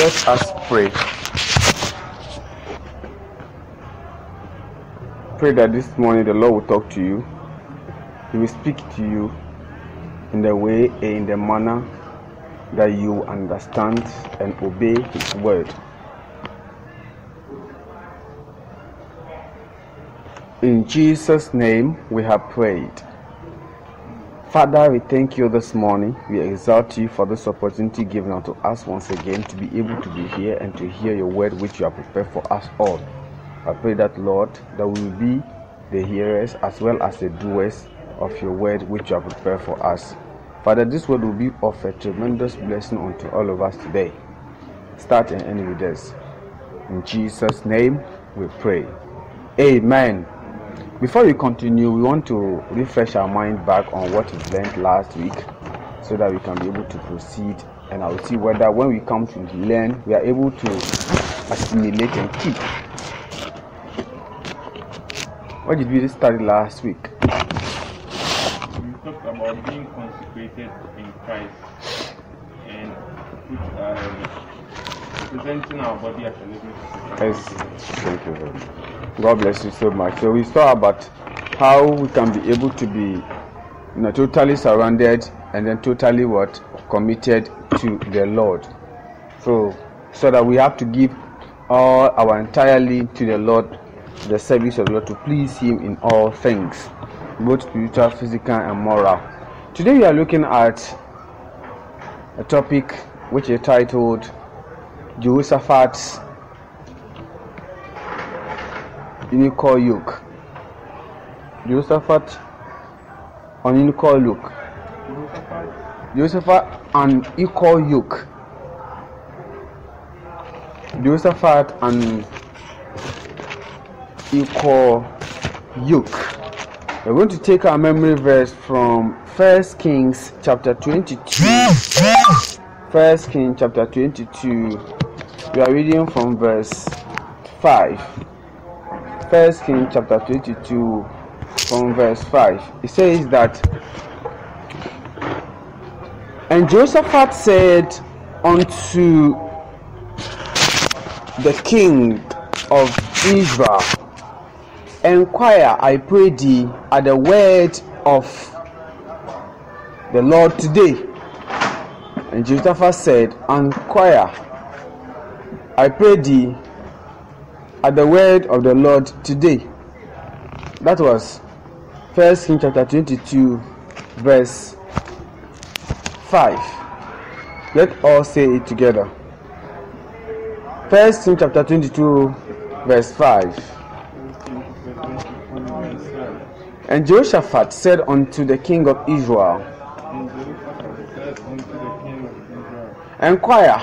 Let us pray. Pray that this morning the Lord will talk to you. He will speak to you in the way and in the manner that you understand and obey His word. In Jesus' name we have prayed. Father, we thank you this morning. We exalt you for this opportunity given unto us once again to be able to be here and to hear your word which you have prepared for us all. I pray that, Lord, that we will be the hearers as well as the doers of your word which you have prepared for us. Father, this word will be of a tremendous blessing unto all of us today. Start and end with this. In Jesus' name we pray. Amen. Before we continue, we want to refresh our mind back on what we learned last week so that we can be able to proceed and I'll see whether when we come to learn, we are able to assimilate and keep. What did we study last week? We talked about being consecrated in Christ and uh, presenting our body as a living sacrifice. Thank you very much. God bless you so much. So we saw about how we can be able to be you know, totally surrounded and then totally what committed to the Lord. So so that we have to give all our entirely to the Lord, the service of the Lord to please Him in all things, both spiritual, physical, and moral. Today we are looking at a topic which is titled Jehoshaphat's unicor yoke Jehoshaphat on unicor yoke Jehoshaphat and equal yoke Jehoshaphat and equal yoke we're going to take our memory verse from First Kings chapter 22. First Kings chapter 22. We are reading from verse 5. First King chapter 22 from verse 5. It says that and Jehoshaphat said unto the king of Israel, Inquire, I pray thee, at the word of the Lord today. And Jehoshaphat said, Inquire, I pray thee, at the word of the Lord today. That was First King chapter 22, verse 5. Let all say it together. First King chapter 22, verse 5. And Jehoshaphat said unto the king of Israel, Inquire,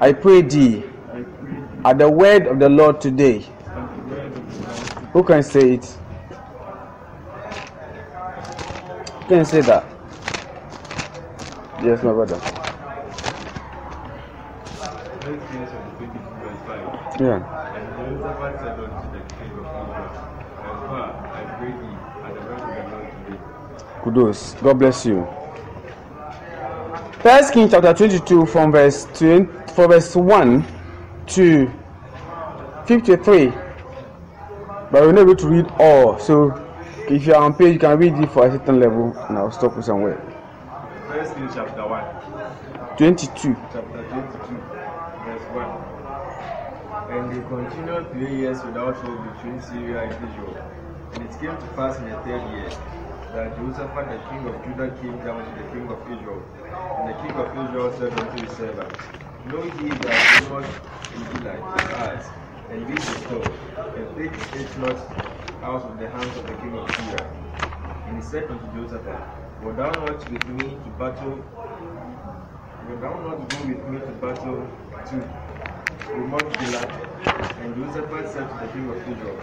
I pray thee, at the word of the Lord today. Who can say it? can say that? Yes, my brother. Yeah. Kudos. God bless you. First King chapter 22 from verse 20, from verse 1 to 53 but we're not able to read all so if you're on page you can read it for a certain level and i'll stop you somewhere first in chapter 1 22 chapter 22 verse 1 and they continued three years without war between syria and israel and it came to pass in the third year that Jehoshaphat the king of Judah came down to the king of Israel. And the king of Israel said unto his servants, Know ye that the Lord be like eyes, and this is so, and take it not out of the hands of the king of Syria. And he said unto Joseph, Wilt thou not with me to battle? Wilt thou not go with me to battle to the light. And Joseph said to the king of Israel,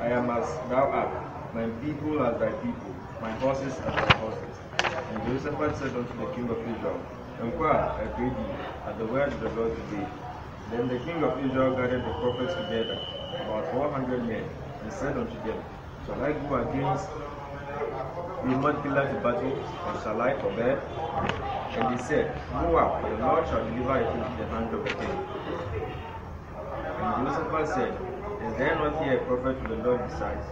I am as thou art, my people as thy people, my horses as thy horses. And Joseph said unto the king of Israel, Inquire, I pray at the word of the Lord today. Then the king of Israel gathered the prophets together, about four hundred men, and said unto them, Shall I go against the mighty pillar to battle, or shall I forbear? And they said, Go up, for the Lord shall deliver it into the hand of the king. And Joseph said, Is there not here a prophet to the Lord besides,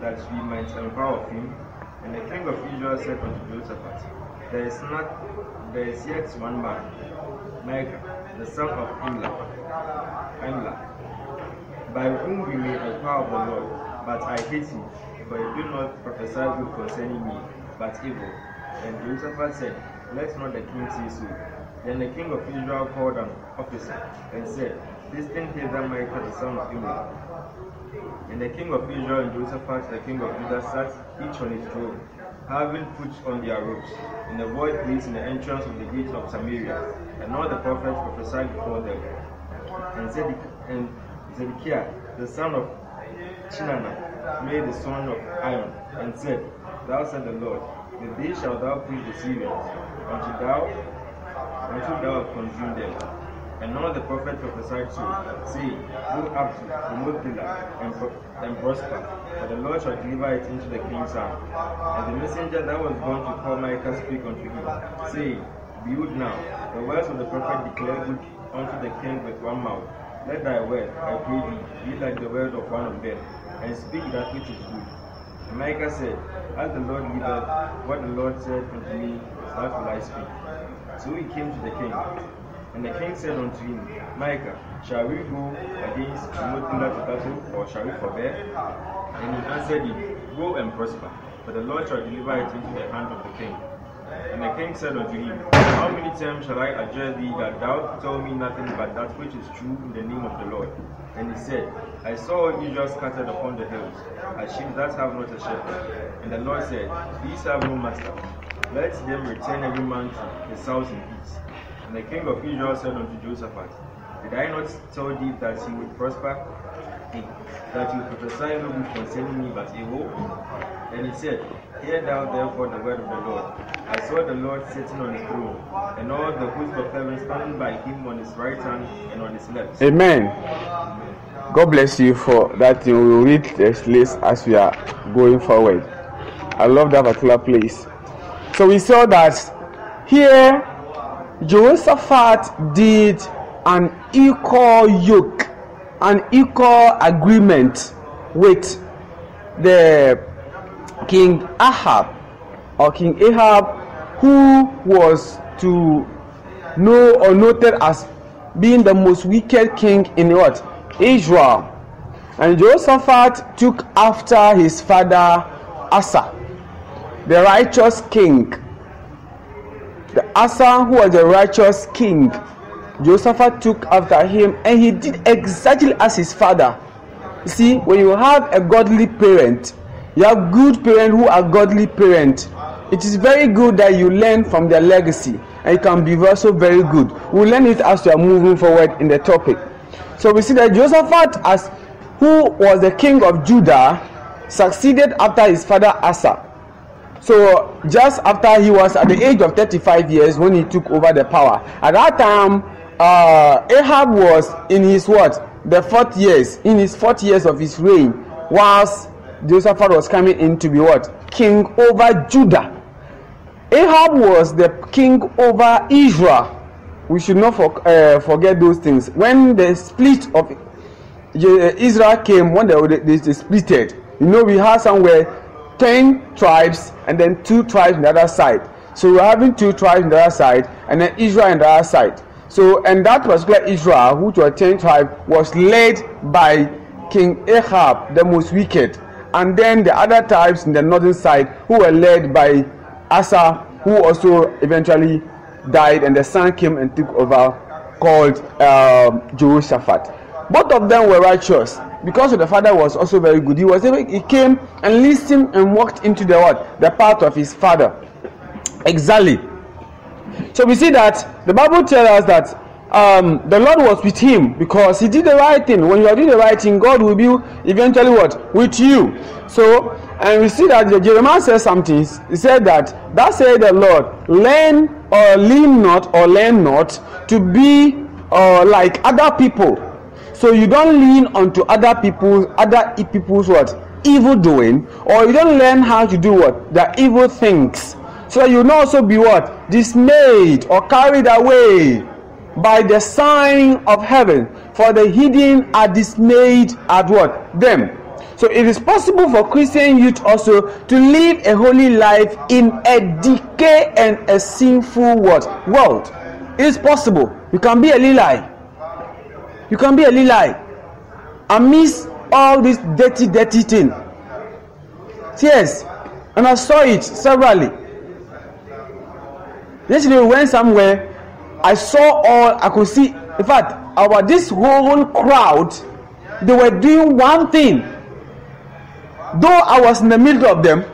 that we might empower him? And the king of Israel said unto Joseph, There is not there is yet one man, Michael, the son of Imla, Imla, by whom we may inquire the Lord, but I hate him, for he do not prophesy good concerning me, but evil. And Jehoshaphat said, Let not the king see so. Then the king of Israel called an officer and said, This Listen hither, Michael, the son of Imla. And the king of Israel and Jehoshaphat, the king of Judah, sat each on his throne having put on their robes, in a void place in the entrance of the gate of Samaria, and all the prophets prophesied before them. And, said, and Zedekiah, the son of Chinana, made the son of Iron, and said, Thou said the Lord, the day shall thou please the Syrians, until thou, until thou have consumed them. And now the prophet prophesied to, See, look up to the promote and, pro and prosper, for the Lord shall deliver it into the king's hand. And the messenger that was going to call Micah speak unto him, saying, Behold now, the words of the prophet declare good unto the king with one mouth. Let thy word, I pray thee, be like the word of one of them, and speak that which is good. And Micah said, As the Lord liveth, what the Lord said unto me, that will I speak. So he came to the king. And the king said unto him, Micah, shall we go against promoting to battle, or shall we forbear? And he answered him, Go and prosper, for the Lord shall deliver it into the hand of the king. And the king said unto him, How many times shall I adjure thee that thou tell me nothing but that which is true in the name of the Lord? And he said, I saw Israel scattered upon the hills, as sheep that have not a shepherd. And the Lord said, These have no master. Let them return every man to his house in peace. And the king of Israel said unto Josaphat, Did I not tell thee that he would prosper that you prophesy no good concerning me but evil? And he said, Hear thou therefore the word of the Lord. I saw the Lord sitting on his throne, and all the hosts of heaven standing by him on his right hand and on his left. Amen. God bless you for that. You will read this list as we are going forward. I love that particular place. So we saw that here Jehoshaphat did an equal yoke, an equal agreement with the King Ahab or King Ahab, who was to know or noted as being the most wicked king in what Israel. And Jehoshaphat took after his father Asa, the righteous king the Asa, who was a righteous king, Josaphat took after him and he did exactly as his father. You see, when you have a godly parent, you have good parents who are godly parents. It is very good that you learn from their legacy and it can be also very good. We'll learn it as we are moving forward in the topic. So we see that Josaphat, as who was the king of Judah, succeeded after his father Asa. So just after he was at the age of 35 years when he took over the power, at that time, uh, Ahab was in his what? The fourth years, in his fourth years of his reign, whilst Jehoshaphat was coming in to be what? King over Judah. Ahab was the king over Israel. We should not for, uh, forget those things. When the split of uh, Israel came, when they, they, they splitted, you know, we had somewhere 10 tribes and then two tribes on the other side. So we're having two tribes on the other side and then Israel on the other side. So, and that particular Israel, which was 10 tribes, was led by King Ahab, the most wicked. And then the other tribes in the northern side, who were led by Asa, who also eventually died, and the son came and took over, called uh, Jehoshaphat. Both of them were righteous, because the father was also very good, he was able, he came and listened and walked into the what? The path of his father. Exactly. So we see that the Bible tells us that um, the Lord was with him because he did the right thing. When you are doing the right thing, God will be eventually what? With you. So, and we see that Jeremiah says something. He said that, that said the Lord, learn or lean not or learn not to be uh, like other people so you don't lean onto other people's other people's what evil doing, or you don't learn how to do what the evil things, so you will also be what dismayed or carried away by the sign of heaven. For the hidden are dismayed at what them. So it is possible for Christian youth also to live a holy life in a decay and a sinful what world. It's possible. You can be a lily. You can be a Lilai and miss all this dirty, dirty thing. Yes, and I saw it severally. Yesterday we went somewhere. I saw all I could see. In fact, our this whole crowd, they were doing one thing. Though I was in the middle of them,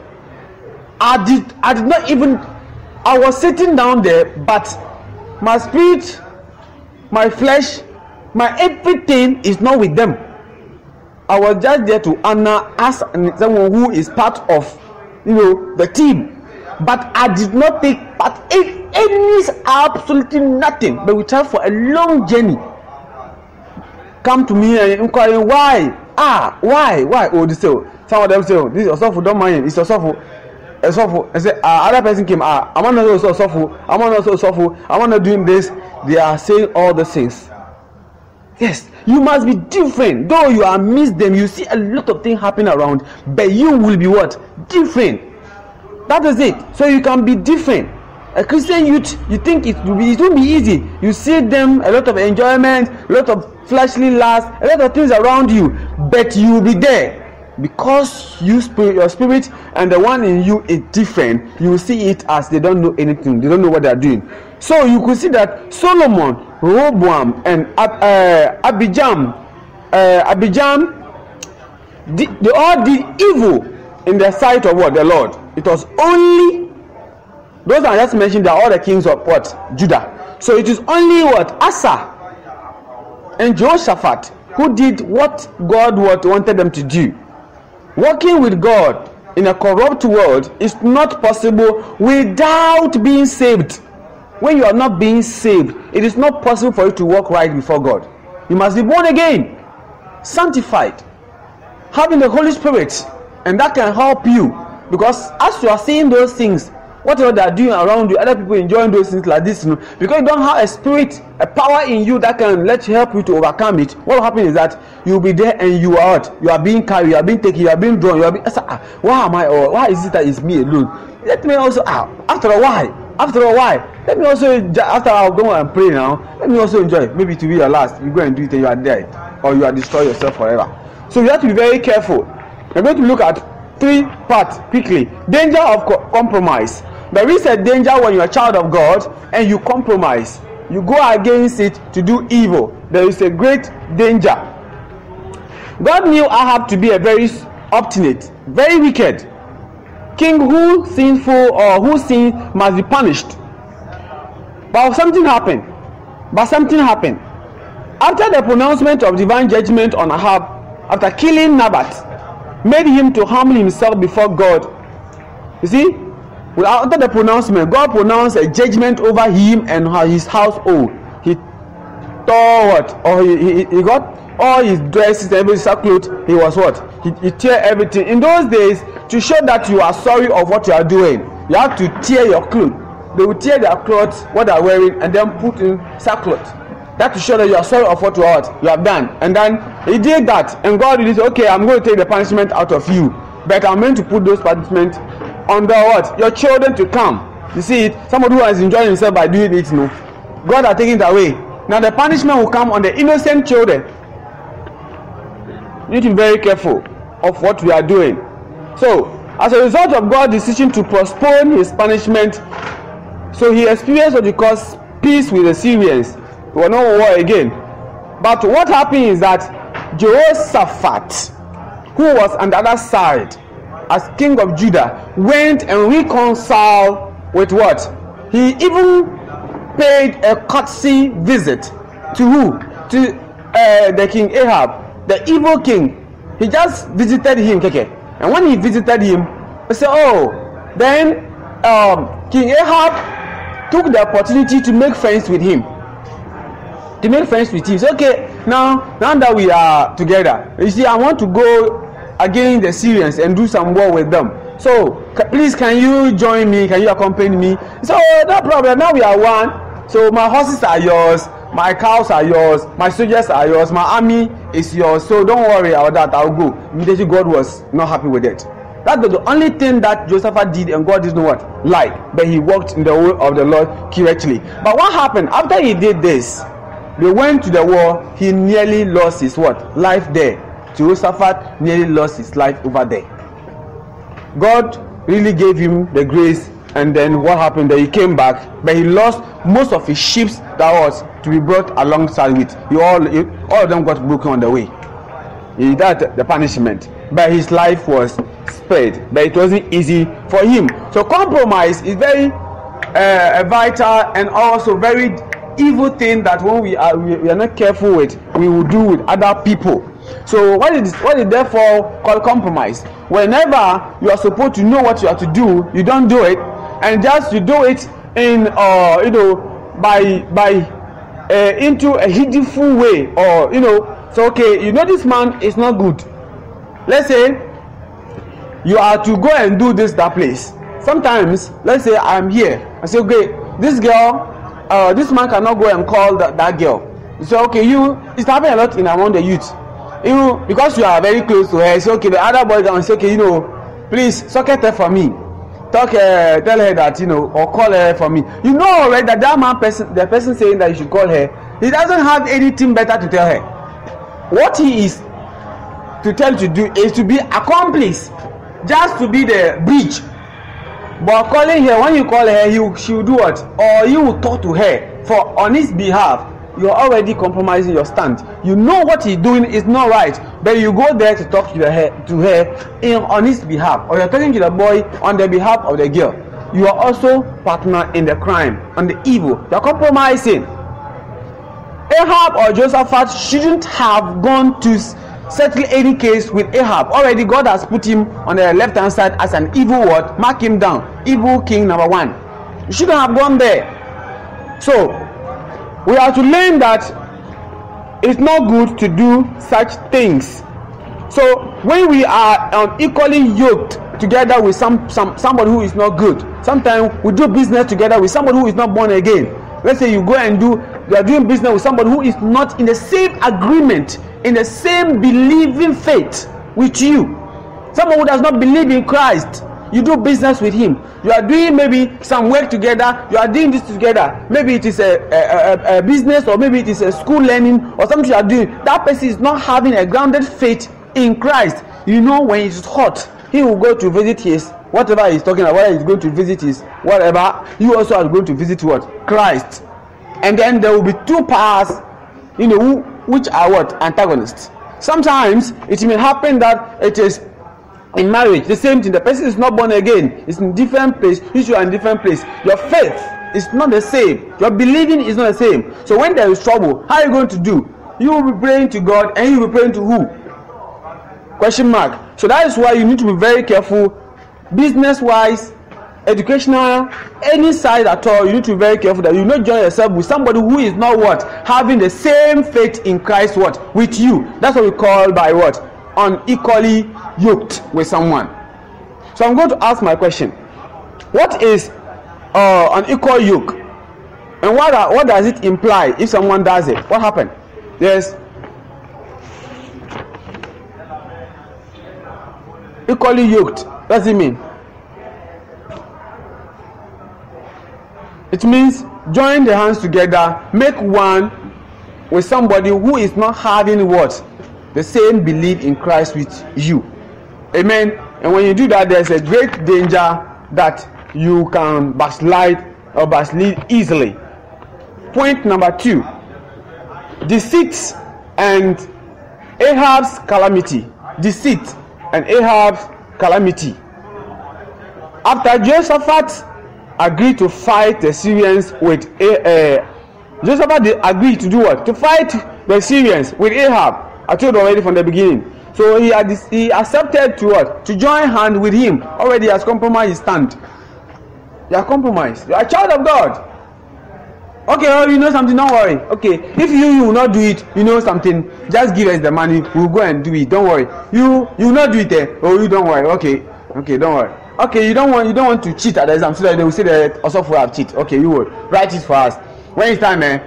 I did I did not even I was sitting down there, but my spirit, my flesh, My everything is not with them. I was just there to honor as someone who is part of you know the team. But I did not take part in any absolutely nothing. But we travel for a long journey. Come to me and inquiring why? Ah, why? Why? Oh, this so some of them say, oh, this is Osofo, don't mind him, it's Osofo. Osofo, I say, ah, other person came, ah, I'm not also Osofo, I'm not also Osofo, I'm not doing this. They are saying all the things. Yes, you must be different. Though you are miss them, you see a lot of things happen around, but you will be what? Different. That is it. So you can be different. A Christian youth, you think it will be it will be easy. You see them a lot of enjoyment, a lot of fleshly lust, a lot of things around you, but you will be there because you spirit, your spirit and the one in you is different. You see it as they don't know anything. They don't know what they are doing. So you could see that Solomon Roboam and uh, Abijam, uh, Abijam, they, all did evil in the sight of what the Lord. It was only those I just mentioned are all the kings of what Judah. So it is only what Asa and Jehoshaphat who did what God what wanted them to do. Working with God in a corrupt world is not possible without being saved when you are not being saved, it is not possible for you to walk right before God. You must be born again, sanctified, having the Holy Spirit, and that can help you. Because as you are seeing those things, whatever they are doing around you, other people enjoying those things like this, you know, because you don't have a spirit, a power in you that can let you help you to overcome it. What will happen is that you'll be there and you are out. You are being carried, you are being taken, you are being drawn, you are being. Ah, why am I? Or why is it that it's me alone? Let me also out. Ah, after a while after all why let me also after i go and pray now let me also enjoy maybe to be your last you go and do it and you are dead or you are destroy yourself forever so you have to be very careful We are going to look at three parts quickly danger of co compromise there is a danger when you are child of god and you compromise you go against it to do evil there is a great danger god knew ahab to be a very obstinate very wicked king who sinful or who sin must be punished. But something happened. But something happened. After the pronouncement of divine judgment on Ahab, after killing Nabat, made him to humble himself before God. You see, after the pronouncement, God pronounced a judgment over him and his household. got what? Or oh, he, he, he got all his dresses, and every clothes. He was what? He, he tear everything. In those days, to show that you are sorry of what you are doing, you have to tear your clothes. They will tear their clothes, what they are wearing, and then put in sackcloth. That to show that you are sorry of what you, are, you have done. And then he did that, and God did okay, I'm going to take the punishment out of you, but I'm going to put those punishment under what? Your children to come. You see it? Somebody who has enjoyed himself by doing it, you no. Know? God are taking it away. Now the punishment will come on the innocent children. You need to be very careful of what we are doing. So, as a result of God's decision to postpone his punishment, so he experienced what he calls peace with the Syrians. There was no war again. But what happened is that Jehoshaphat, who was on the other side as king of Judah, went and reconciled with what? He even paid a courtesy visit to who? To uh, the king Ahab, the evil king. He just visited him, Keke. And when he visited him, he said, Oh, then um, King Ahab took the opportunity to make friends with him. To make friends with him. So, okay, now, now that we are together, you see, I want to go against the Syrians and do some war with them. So, please, can you join me? Can you accompany me? So, no problem. Now we are one. So my horses are yours, my cows are yours, my soldiers are yours, my army is yours. So don't worry about that, I'll go. Immediately God was not happy with it. That was the only thing that Joseph did, and God didn't what? Like. But he walked in the way of the Lord correctly. But what happened after he did this? They went to the war. He nearly lost his what? Life there. Jehoshaphat nearly lost his life over there. God really gave him the grace, and then what happened? That he came back, but he lost most of his ships that was to be brought alongside with you all all of them got broken on the way he that the punishment but his life was spared but it wasn't easy for him so compromise is very uh, vital and also very evil thing that when we are we, we are not careful with we will do with other people so what is what is therefore called compromise whenever you are supposed to know what you are to do you don't do it and just you do it in uh, you know by by uh, into a hideous way or you know so okay you know this man is not good let's say you are to go and do this that place sometimes let's say i'm here i say okay this girl uh, this man cannot go and call that, that girl So okay you it's happening a lot in among the youth you know, because you are very close to her you say okay the other boy down say okay you know please socket her for me talk uh, tell her that you know or call her for me you know already that that man person the person saying that you should call her he doesn't have anything better to tell her what he is to tell to do is to be accomplice just to be the bridge but calling her when you call her he she will do what or you will talk to her for on his behalf you're already compromising your stand you know what he's doing is not right but you go there to talk to her to her in on his behalf or you're talking to the boy on the behalf of the girl you are also partner in the crime and the evil you're compromising ahab or josaphat shouldn't have gone to settle any case with ahab already god has put him on the left hand side as an evil word mark him down evil king number one you shouldn't have gone there so we are to learn that it's not good to do such things so when we are unequally um, yoked together with some some somebody who is not good sometimes we do business together with somebody who is not born again let's say you go and do you are doing business with somebody who is not in the same agreement in the same believing faith with you someone who does not believe in christ you do business with him you are doing maybe some work together you are doing this together maybe it is a a a, a business or maybe it is a school learning or something you are doing that person is not having a grounded faith in christ you know when it is hot he will go to visit his whatever he is talking about whether he is going to visit his whatever you also are going to visit what christ and then there will be two powers you know which are what antagonists sometimes it may happen that it is in marriage the same thing the person is not born again it's in different place you two are in different place your faith is not the same your believing is not the same so when there is trouble how are you going to do you will be praying to god and you will be praying to who question mark so that is why you need to be very careful business wise educational any side at all you need to be very careful that you not join yourself with somebody who is not what having the same faith in christ what with you that's what we call by what unequally yoked with someone. So I'm going to ask my question What is uh, an equal yoke? And what, are, what does it imply if someone does it? What happened? Yes. Equally yoked. What does it mean? It means join the hands together, make one with somebody who is not having what? the same belief in Christ with you. Amen. And when you do that, there's a great danger that you can backslide or backslide easily. Point number two deceit and Ahab's calamity. Deceit and Ahab's calamity. After Jehoshaphat agreed to fight the Syrians with uh, Jehoshaphat agreed to do what? To fight the Syrians with Ahab. I told already from the beginning. So he, had, he accepted to what? To join hand with him. Already has compromised his stand. You are compromised. You are a child of God. Okay, oh, you know something, don't worry. Okay, if you, you will not do it, you know something, just give us the money, we'll go and do it, don't worry. You, you will not do it, eh? Oh, you don't worry, okay, okay, don't worry. Okay, you don't want, you don't want to cheat at the exam, so that they will say that also for have cheat. Okay, you will. Write it for us. When it's time, eh?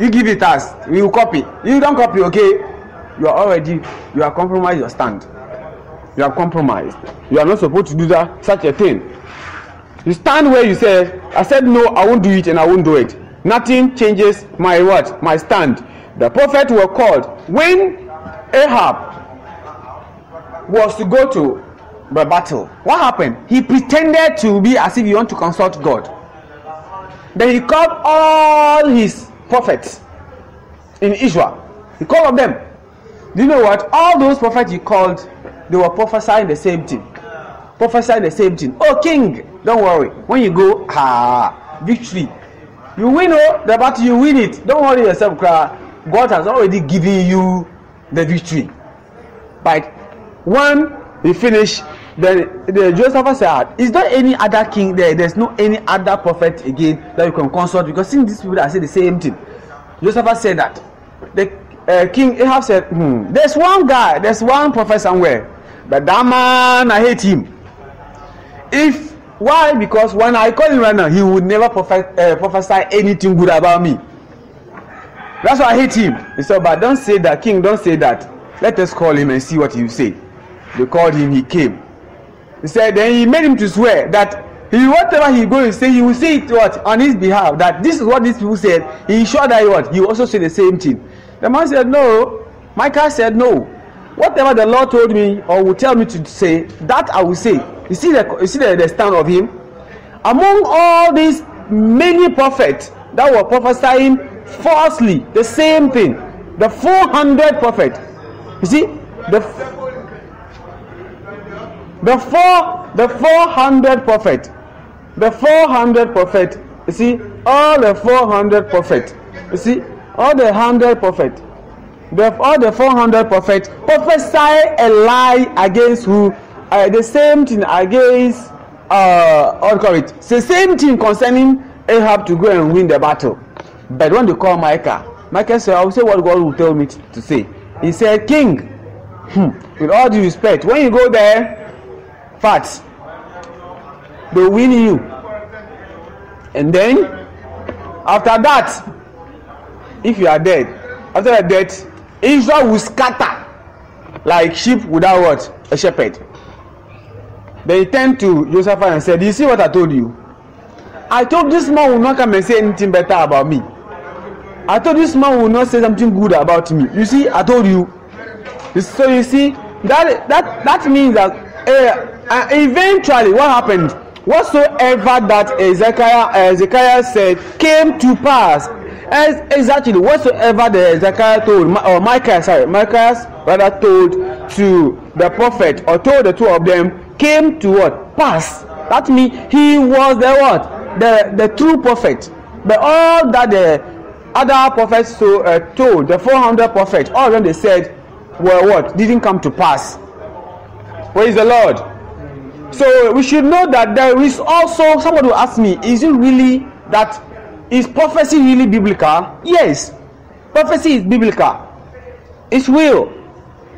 You give it us, we will copy. You don't copy, okay? you are already you are compromised your stand you are compromised you are not supposed to do that such a thing you stand where you say i said no i won't do it and i won't do it nothing changes my what my stand the prophet were called when ahab was to go to the battle what happened he pretended to be as if he want to consult god then he called all his prophets in israel he called them you know what? All those prophets you called, they were prophesying the same thing. Prophesying the same thing. Oh, king, don't worry. When you go, ah, victory. You win, oh, the battle, you win it. Don't worry yourself, cry. God has already given you the victory. But when you finish, then the Joseph said, Is there any other king there? There's no any other prophet again that you can consult because since these people are saying the same thing. Joseph said that. The uh, King Ahab said, hmm, there's one guy, there's one prophet somewhere, but that man, I hate him. If why? Because when I call him right now, he would never prophet, uh, prophesy anything good about me. That's why I hate him. He said, but don't say that, King, don't say that. Let us call him and see what he will say. They called him, he came. He said, then he made him to swear that he whatever he go say he will say it what on his behalf that this is what these people said he sure that he what he also say the same thing The man said, No. Micah said, No. Whatever the Lord told me or will tell me to say, that I will say. You see the, you see the, the stand of him? Among all these many prophets that were prophesying falsely, the same thing. The 400 prophet. You see? The, the, four, the 400 prophet. The 400 prophet. You see? All the 400 prophet. You see? all the hundred prophets, the, all the four hundred prophets prophesy a lie against who? Uh, the same thing against uh, all correct. the same thing concerning Ahab to go and win the battle. But when they call Micah, Micah said, I will say what God will tell me to say. He said, King, hmm, with all due respect, when you go there, facts, they win you. And then, after that, if you are dead after the death israel will scatter like sheep without what a shepherd they turned to joseph and said you see what i told you i told this man will not come and say anything better about me i told this man will not say something good about me you see i told you so you see that that that means that uh, uh, eventually what happened whatsoever that ezekiah ezekiah said came to pass As exactly whatsoever the Zechariah told, or Micah, sorry, rather told to the prophet or told the two of them came to what? Pass. That means he was the what? The, the true prophet. But all that the other prophets so, uh, told, the 400 prophets, all of them they said were what? Didn't come to pass. Praise the Lord. So we should know that there is also, somebody will ask me, is it really that is prophecy really biblical? Yes. Prophecy is biblical. It's real.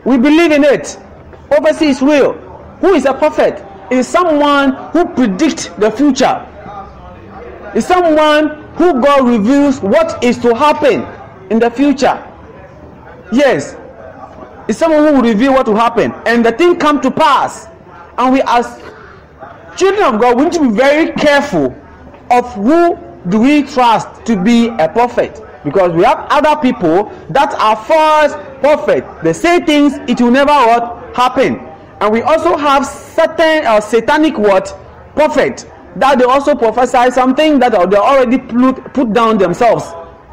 We believe in it. Prophecy is real. Who is a prophet? Is someone who predicts the future. Is someone who God reveals what is to happen in the future. Yes. Is someone who will reveal what will happen. And the thing come to pass. And we as children of God, we need to be very careful of who do we trust to be a prophet? Because we have other people that are false prophets. They say things it will never what happen. And we also have certain uh, satanic what prophet that they also prophesy something that uh, they already put, put down themselves.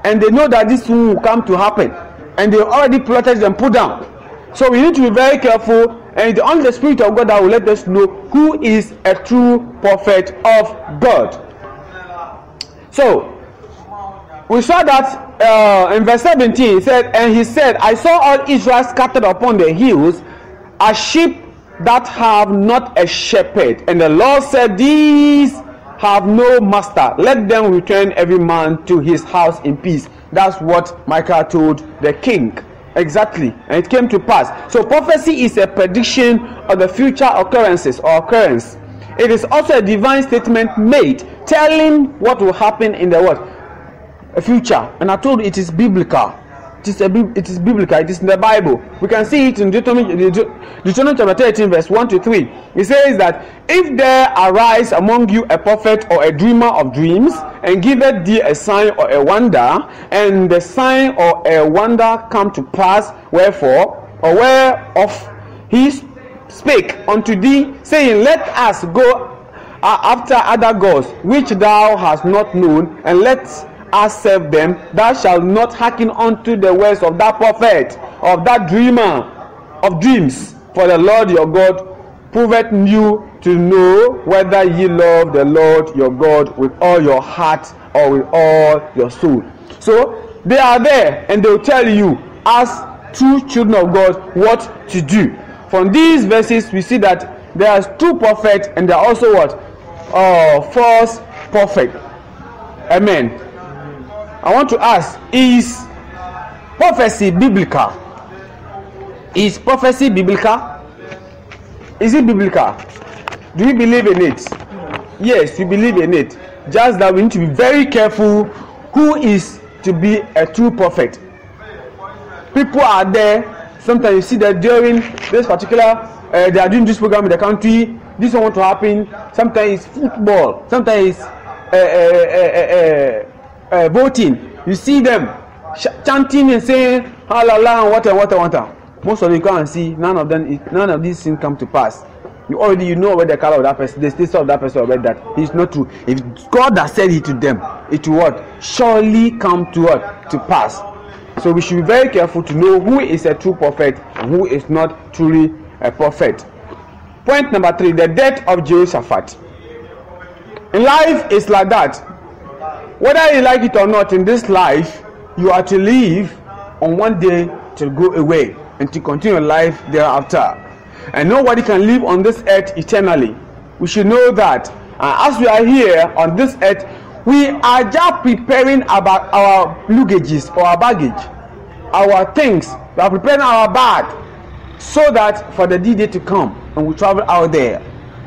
And they know that this will come to happen. And they already plotted them put down. So we need to be very careful and it's only the Spirit of God that will let us know who is a true prophet of God. So, we saw that uh, in verse 17, he said, And he said, I saw all Israel scattered upon the hills as sheep that have not a shepherd. And the Lord said, These have no master. Let them return every man to his house in peace. That's what Micah told the king. Exactly. And it came to pass. So prophecy is a prediction of the future occurrences or occurrence. It is also a divine statement made telling what will happen in the world, a future. And I told you it is biblical. It is, a, it is biblical. It is in the Bible. We can see it in Deuteronomy, Deuteronomy chapter 13, verse 1 to 3. It says that if there arise among you a prophet or a dreamer of dreams, and giveth thee a sign or a wonder, and the sign or a wonder come to pass, wherefore or of his spake unto thee, saying, Let us go uh, after other gods which thou hast not known, and let us serve them. Thou shalt not hearken unto the words of that prophet, of that dreamer of dreams. For the Lord your God proveth you to know whether ye love the Lord your God with all your heart or with all your soul. So they are there and they will tell you, as true children of God, what to do. From these verses, we see that there are two prophets and they are also what? Uh, false prophet. Amen. I want to ask, is prophecy biblical? Is prophecy biblical? Is it biblical? Do you believe in it? Yes, we believe in it. Just that we need to be very careful who is to be a true prophet. People are there Sometimes you see that during this particular, uh, they are doing this program in the country, this one want to happen. Sometimes it's football, sometimes it's uh, uh, uh, voting. You see them chanting and saying, halala and water, water, water. Most of you come see none of them, none of these things come to pass. You already you know where the color of that person, the status of that person, where that it's not true. If God has said it to them, it will what surely come to what to pass. So we should be very careful to know who is a true prophet, who is not truly a prophet. Point number three the death of Jehoshaphat. In life is like that. Whether you like it or not, in this life, you are to live on one day to go away and to continue life thereafter. And nobody can live on this earth eternally. We should know that. And as we are here on this earth, we are just preparing about our luggages or our baggage our things we are preparing our bag so that for the D day to come and we travel out there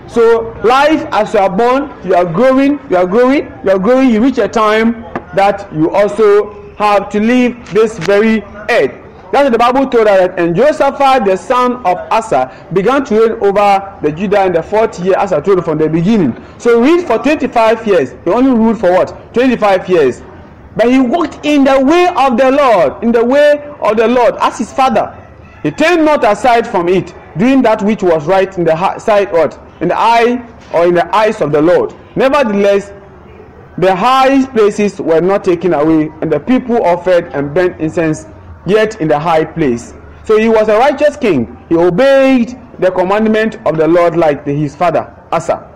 so life as you are born you are growing you are growing you are growing you reach a time that you also have to leave this very earth That's what the Bible told us. and Josaphat, the son of Asa, began to reign over the Judah in the fourth year, as I told you from the beginning. So ruled for 25 years. He only ruled for what? 25 years. But he walked in the way of the Lord, in the way of the Lord, as his father. He turned not aside from it, doing that which was right in the sight what? In the eye or in the eyes of the Lord. Nevertheless, the high places were not taken away, and the people offered and burnt incense yet in the high place. So he was a righteous king. He obeyed the commandment of the Lord like his father, Asa.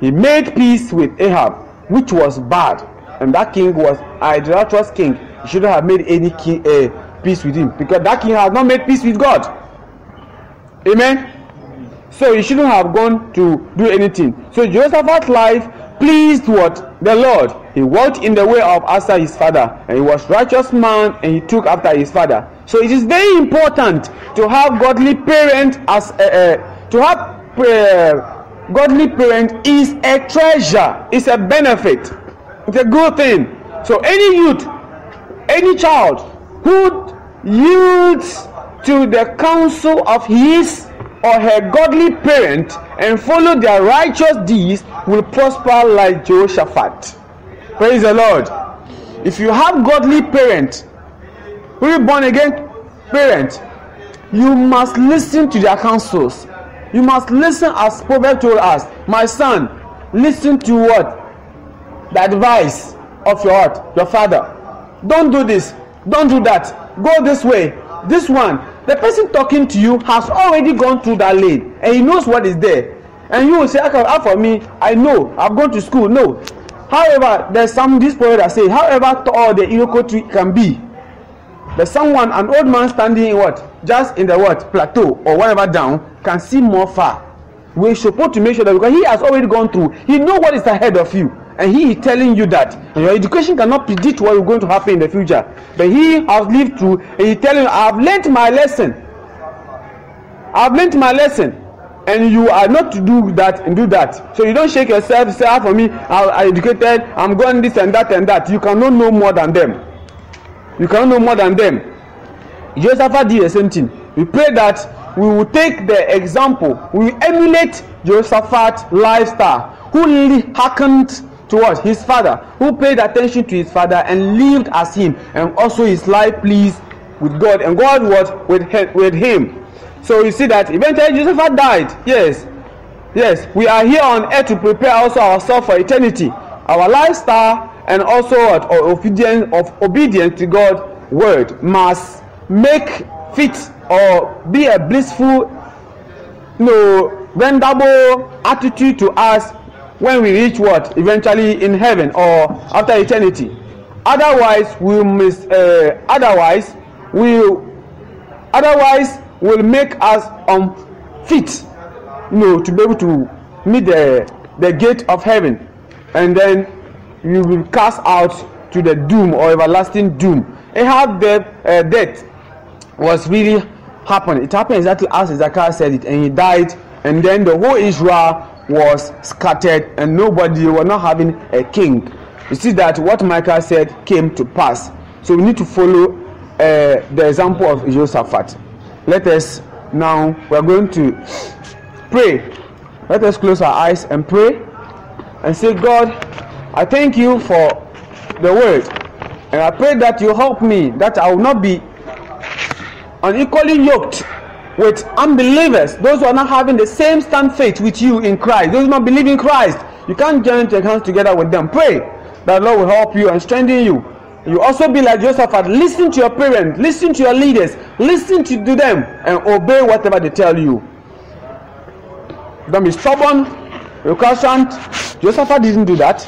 He made peace with Ahab, which was bad. And that king was an idolatrous king. He shouldn't have made any king, uh, peace with him because that king has not made peace with God. Amen? So he shouldn't have gone to do anything. So Josephat's life pleased what? The Lord. He walked in the way of Asa his father, and he was righteous man, and he took after his father. So it is very important to have godly parent as a, a, to have uh, godly parent is a treasure, it's a benefit, it's a good thing. So any youth, any child who yields to the counsel of his or her godly parent and follow their righteous deeds will prosper like Jehoshaphat. Praise the Lord. If you have godly parent, really born again parent, you must listen to their counsels. You must listen as Proverbs told us, my son, listen to what? The advice of your heart, your father. Don't do this. Don't do that. Go this way. This one, the person talking to you has already gone through that lane and he knows what is there and you will say how ah, for me i know i've gone to school no however there's some this poet that say however tall the iroko tree can be there's someone an old man standing in what just in the what plateau or whatever down can see more far we suppose to make sure that because he has already gone through he know what is ahead of you and he is telling you that your education cannot predict what is going to happen in the future but he has lived through and he telling you i have learnt my lesson i have learnt my lesson and you are not to do that and do that so you don shake yourself say ah for me i i educated i am going this and that and that you cannot know more than them you cannot know more than them joseph did the same thing we pray that we will take the example we emulate jehoshaphat lifestyle who really hearkened towards his father, who paid attention to his father and lived as him, and also his life pleased with God, and God was with, with him. So you see that eventually Joseph had died. Yes. Yes. We are here on earth to prepare also ourselves for eternity. Our lifestyle and also our obedience, of obedience to God's word must make fit or be a blissful, you know, rendable attitude to us when we reach what eventually in heaven or after eternity otherwise we miss uh, otherwise we otherwise will make us unfit you know to be able to meet the the gate of heaven and then you will cast out to the doom or everlasting doom and how the uh, death was really happened it happened exactly as Ezekiel said it and he died and then the whole Israel was scattered and nobody were not having a king. You see that what Michael said came to pass. So we need to follow uh, the example of Jehoshaphat. Let us now, we are going to pray. Let us close our eyes and pray and say, God, I thank you for the word. And I pray that you help me, that I will not be unequally yoked with unbelievers, those who are not having the same stand faith with you in Christ, those who not believe in Christ. You can't join your hands together with them. Pray that Lord will help you and strengthen you. You also be like Joseph. Listen to your parents, listen to your leaders, listen to them, and obey whatever they tell you. Don't be stubborn, recalcitrant. Joseph didn't do that.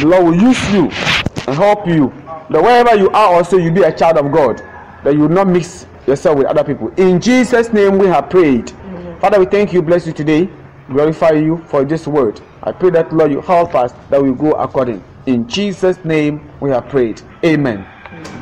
The Lord will use you and help you. That wherever you are, also you be a child of God. That you will not mix yourself with other people. In Jesus' name we have prayed. Amen. Father, we thank you, bless you today, glorify you for this word. I pray that, Lord, you help us that we go according. In Jesus' name we have prayed. Amen. Amen.